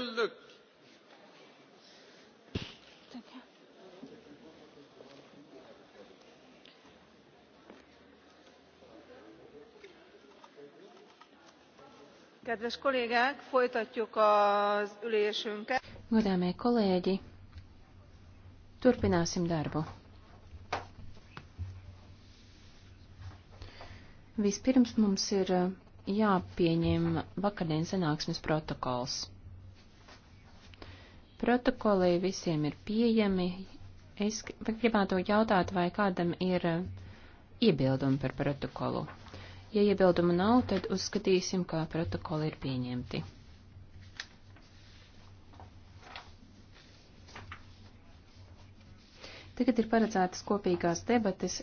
Le Luc. Kedves kollégák, folytatjuk az ülésünket. Godāmie kolēģi, turpināsim darbu. Vispirms mums ir uh, jāpieņem vakardienas sanāksmes protokols. Protokolī visiem ir pieejami. Es gribētu jautāt, vai kādam ir eh, iebildumi par protokolu. Ja iebildumu nav, tad uzskatīsim, kā protokoli ir pieņemti. Tagad ir paredzētas kopīgās debates.